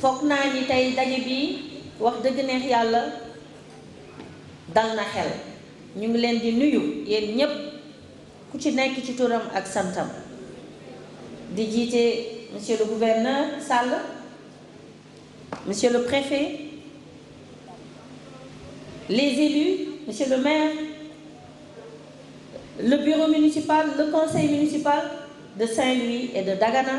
Fokna naa ni tey daje bi wax dëgg neex yàlla dal na xel ñu ngi leen di nuyu yéen ñëpp ku ci nekk ci turam ak santam di jiite monsieur le gouverneur Sall monsieur le préfet les élus monsieur le maire le bureau municipal le conseil municipal de Saint-Louis et de Dagana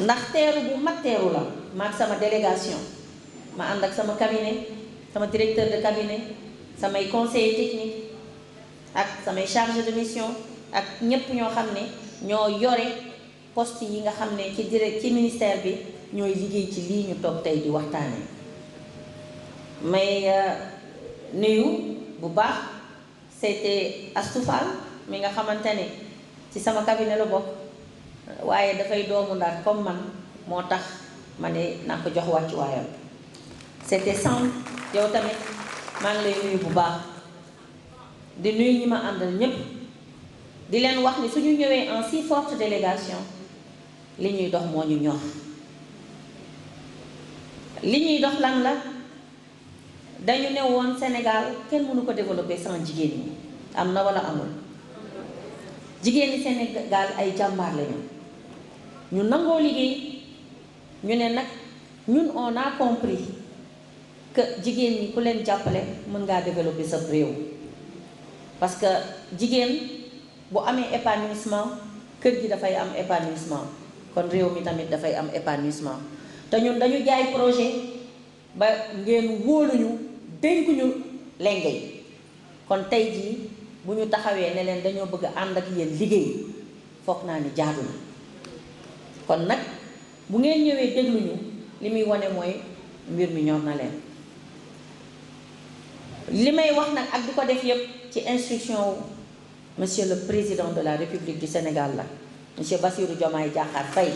ndax teeru bu mag teeru la maag sama délégation ma ànd ak sama cabinet sama directeur de cabinet samay conseiller technique ak samay chargé de mission ak ñépp ñoo xam ne ñoo yore poste yi nga xam ne ci direct ci ministère bi ñooy liggéey ci lii ñu toog tey di waxtaane may euh, nuyu bu baax c'était Astou Fall mi nga xamante ne ci sama cabinet la bokk da fay doomu ndaat comme man motax mané nako jox wacc ko c'était sans yow tamit maa ngi lay nuyu bu baax di nuyu ñi ma àndal di len wax ni suñu ñëwé en si forte délégation li ñuy dox moo ñu li ñuy dox lan la dañu ne Sénégal kenn mënu ko développer sans jigéen ni am na amul jigéen ni Sénégal ay jambar lañu ñu nango liggéey ñu ne nag ñun on a compris que jigéen ñi ku leen jàppale mën ngaa développer sa réew parce que jigéen bu amee épanouissement kër gi dafay am épanouissement kon réew mi tamit dafay am épanouissement te ñun dañu jaay projet ba ngeen wóoluñu dénkuñu lengay kon tey jii bu ñu taxawee ne leen dañoo bëgg ànd ak yéen liggéey foog naa ni jaadu kon nak bu ngeen ñëwé déglu ñu muy wane moy mbir mi ñor na leen limay wax nak ak diko def yépp ci instruction monsieur le président de la république du Sénégal la monsieur Bassirou Diomaye Diakhar fay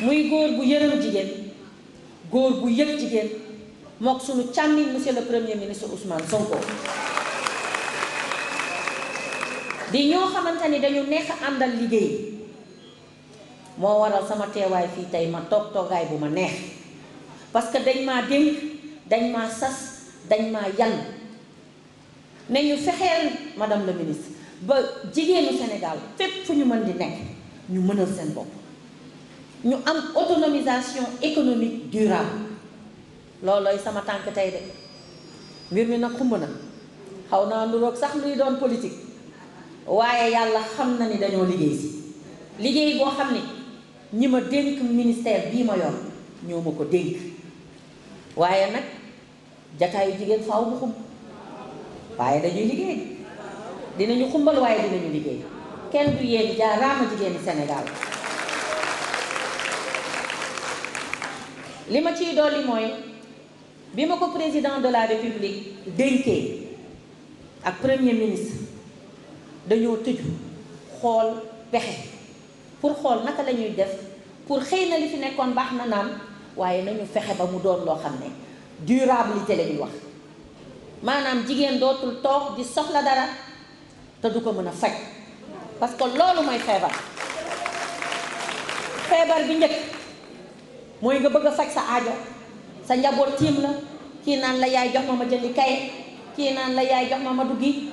muy goor bu yërëm jigen goor bu yëg jigen mok suñu càmmiñ monsieur le premier ministre Ousmane Sonko di ñoo xamante ni dañu neex àndal liggéey moo waral sama teewaay fii tey ma toog toogaay bu ma neex parce que dañ maa dénk dañ maa sas dañ maa yan ne ñu fexeel madame la ministre ba jigéenu Sénégal fépp fu ñu mën di nekk ñu mënal seen bopp ñu am autonomisation économique durable loolooy sama tànk tey de mbir mi nag xumb na xaw naa nuroog sax luy doon politique waaye yàlla xam na ni dañoo liggéey si liggéey boo xam ne ñi ma dénk ministère bii ma yor ñoo ma ko dénk waaye nag jataayu jigéen faaw bu xumb waaye dañuy liggéey dinañu xumbal waaye dinañu liggéey kenn du yéen jaaraama jigéeni Sénégal li ma ciy dolli mooy bi ma ko président de la république dénkee ak premier ministre dañoo tëju xool pexe pour xool naka lañuy def pour xëy na li fi nekkoon baax na naan waaye nañu fexe ba mu doon loo xam ne durabilité la ñuy wax maanaam jigéen dootul toog di soxla dara te du ko mën a faj parce que loolu mooy feebar feebar bi njëkk mooy nga bëgg a faj sa aajo sa njaboot tiim la kii naan la yaay jox ma ma jëndi kay kii naan la yaay jox ma ma duggi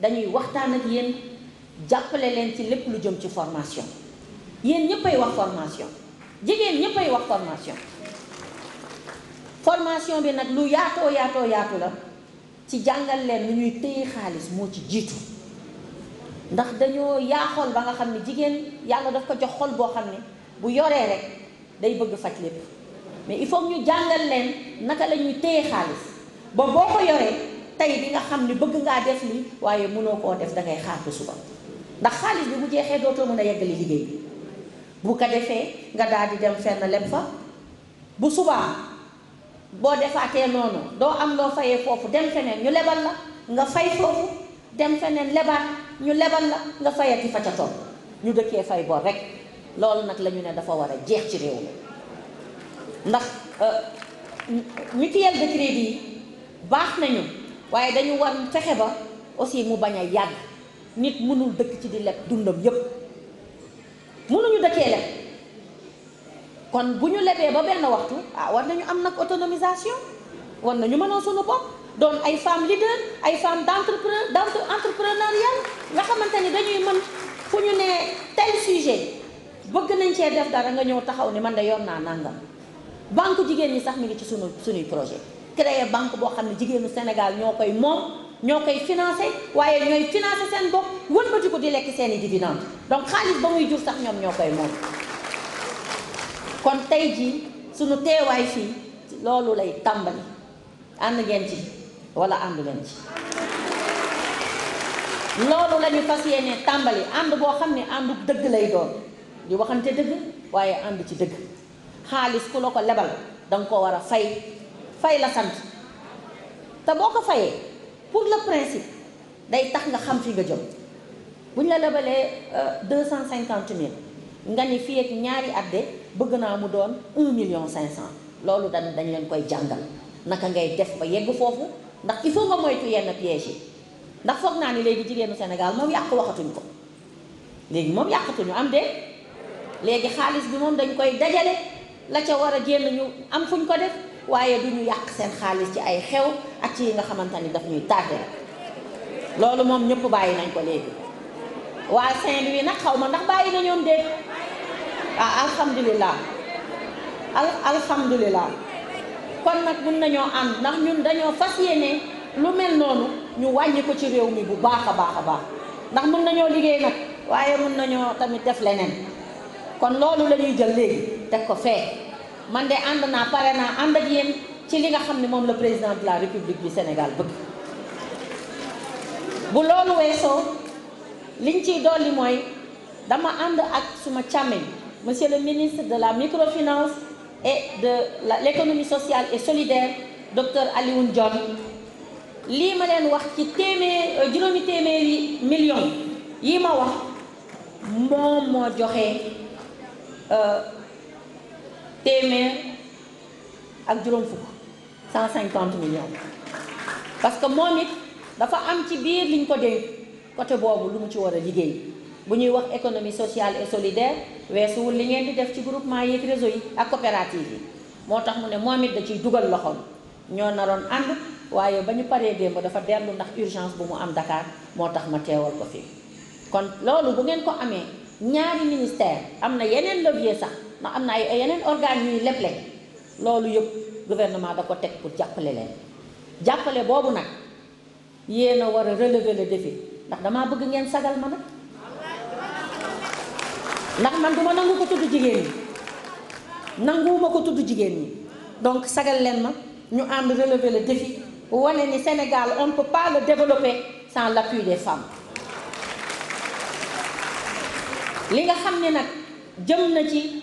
dañuy waxtaan ak yéen jàppale leen ci lépp lu jëm ci formation yéen ñëppay wax formation jigéen ñëppay wax formation formation bi nag lu yaatoo yaatoo yaatu la ci jàngal leen lu ñuy téye xaalis moo ci jiitu ndax dañoo yaaxoon ba nga xam ne jigéen yàlla daf ko jox xol boo xam ne bu yoree rek day bëgg faj lépp mais il faut ñu jàngal leen naka lañuy ñuy téye xaalis ba boo ko yoree tey bi nga xam ni bëgg ngaa def lii waaye mënoo koo def dangay xaar ba suba ndax xaalis bi bu jeexee dootoo mën a yeggali liggéey bi bu ko defee nga daal di dem fenn leb fa bu subaa boo defaatee noonu doo am loo fayee foofu dem feneen ñu lebal la nga fay foofu dem lebaat ñu lebal la nga fayati fa ca tool ñu dëkkee fay bor rek loolu nag la ñu ne dafa war a jeex ci réew mi ndax mutuelle euh, de crédit baax nañu waaye dañu war fexe ba aussi mu bañ a yàgg nit mënul dëkk ci di leb dundam yépp mënuñu dëkkee leb kon bu ñu lebee ba benn waxtu ah war nañu am nag autonomisation war na ñu mënoon suñu bopp doon ay femme leader ay femme d'entrepreneur d'entrepreneuriat nga xamante ni dañuy mën fu ñu ne tel sujet bëgg nañ cee def dara nga ñëw taxaw ni man de yor naa nangam banque jigéen ñi sax mi ngi ci suñu suñuy projet créer banque boo xam ne jigéenu Sénégal ñoo koy moom ñoo koy financé waaye ñooy financé seen bopp wëlbati ko di lekk seen i dividende donc xaalis ba muy jur sax ñoom ñoo koy moom kon tey jii suñu teewaay fii loolu lay tàmbali ànd ngeen ci wala ànd ngeen ci loolu la ñu fas yéene tàmbali ànd boo xam ne àndu dëgg lay doon di waxante dëgg waaye ànd ci dëgg xaalis ku la ko lebal da ko war a fay fay la sant te boo ko fayee pour le principe day tax nga xam fi nga jëm bu ñu la lebalee euh, deux cent cinquante mille nga ni fii ñaari at bëgg naa mu doon un million cinq cent loolu dañ dañ leen koy jàngal naka ngay def ba yegg foofu ndax il faut nga moytu yenn piège yi ndax foog naa ni léegi jigéenu Sénégal moom yàq waxatuñ ko léegi moom yàqatuñu am de léegi xaalis bi moom dañ koy dajale la ca war a génn ñu am fuñ ko def waaye du ñu yàq seen xaalis ci ay xew ak ci yi nga xamante ni daf ñuy tardé loolu moom ñëpp bàyyi nañ ko léegi waa Saint-Louis nag xaw ma ndax bàyyi na ñoom de ah alhamdulilah al kon nag mun nañoo ànd ndax ñun dañoo fas yéene lu mel noonu ñu wàññi ko ci réew mi bu baax a baax a baax ndax mun nañoo liggéey nag waaye mun nañoo tamit def leneen kon loolu lañuy jël léegi teg ko fee. man de ànd naa pare naa ànd ak yéen ci li nga xam ne moom le président de la république du Sénégal bëgg bu loolu weesoo liñ ciy dolli mooy dama ànd ak suma càmmeñ monsieur le ministre de la microfinance et de l'économie sociale et solidaire docteur Alioune Dione lii ma leen wax ci téeméer euh, juróomi téeméeri million yi ma wax moom moo joxe. Euh, téeméer ak juróom fukk 150 millions parce que moom it dafa am ci biir liñ ko dénk côté boobu lu mu ci war a liggéey bu ñuy wax économie sociale et solidaire weesuwul li ngeen di def ci groupement yeeg réseau yi ak coopérative yi moo tax mu ne moom it da ciy dugal loxoom ñoo naroon ànd waaye ba ñu paree démb dafa dellu ndax urgence bu mu am Dakar moo tax ma teewal ko fi kon loolu bu ngeen ko amee ñaari ministère am na yeneen levier sax ndax am na ay yeneen organes yuy leble loolu yëpp gouvernement da ko teg pour jàppale leen jàppale boobu nag yéen a war a relever le défi ndax damaa bëgg ngeen sagal ma nag ndax man duma nangu ko tudd jigéen ñi nanguwuma ko tudd jigéen ñi donc sagal leen ma ñu ànd relever la defi wane ni Sénégal on ne peut pas le développer sans l'appui des femmes li nga xam ne nag jëm na ci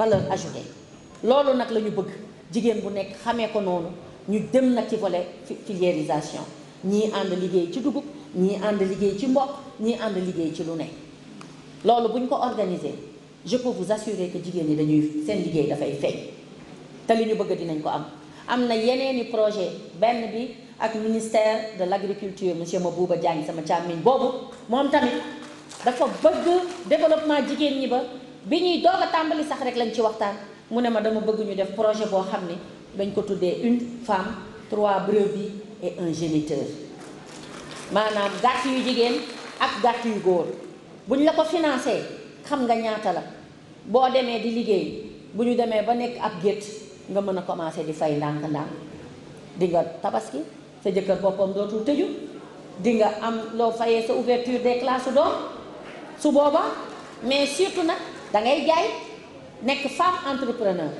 valeur ajoutée loolu nag la ñu bëgg jigen bu nek xamé ko nonu ñu dem nak ci volet filiérisation ñi and liggéey ci dugub ñi and liggéey ci mbokk ñi and liggéey ci lu ne lolu buñ ko organiser je peux vous assurer que jigen ni dañuy sen liggéey da fay te li ñu bëgg dinañ ko am amna yeneeni projet benn bi ak ministère de l'agriculture monsieur Mabouba Diagne sama càmmiñ bobu mom tamit dafa bëgg développement jigen ñi ba bi ñuy doog a tàmbali sax rek lañ ci waxtaan mu ne ma dama bëgg ñu def projet boo xam ne dañ ko tuddee une femme trois brebis et un géniteur maanaam gàtt yu jigéen ak gàtt yu góor buñ la ko financé xam nga ñaata la boo demee di liggéey bu ñu demee ba nekk ab gétt nga mën a commencé di fay ndànk-ndànk di nga tabaski sa jëkkër boppam dootul tëju di nga am loo fayee sa ouverture des classes doom su booba mais surtout nag da ngay jaay nekk femme entrepreneur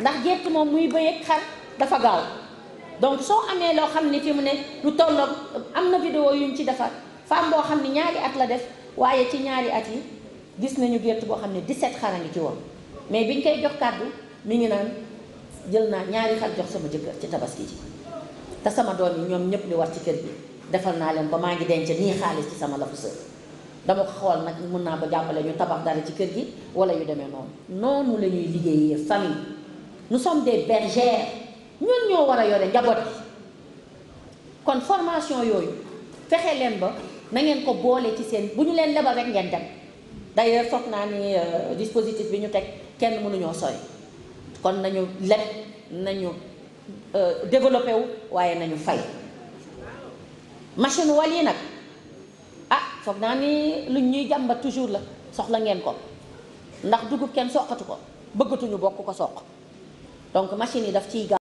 ndax gerte moom muy bëyeeg xar dafa gaaw donc soo amee loo xam ni fi mu ne lu tolloog am na vidéo yuñ ci defar femme boo xam ni ñaari at la def waaye ci ñaari at yi gis nañu gerte boo xam ne 17 xar a ngi ci woon mais biñ koy jox kàddu mi ngi naan jël naa ñaari xar jox sama jëkkër ci tabaski ji te sama doom yi ñoom ñëpp li war ci kër bi defal naa leen ba maa ngi denc nii xaalis ci sama lafu sër dama ko xool nag mun naa ko jàppale ñu tabax dara ci kër gi wala yu demee noonu noonu la ñuy liggéeyee famille nous sommes de bergères ñun ñoo war a yore njaboot yi kon formation yooyu fexe leen ba na ngeen ko boole ci seen bu ñu leen lebal rek ngeen dem d'ailleurs foog naa ni euh, dispositif bi ñu teg kenn mënuñoo sori kon nañu leb nañu euh, développé wu waaye nañu fay machine wal yi nag. foog naa ni luñ ñuy jàmbat toujours la soxla ngeen ko ndax duggu kenn soxatu ko ñu bokk ko sox donc machine yi daf ciy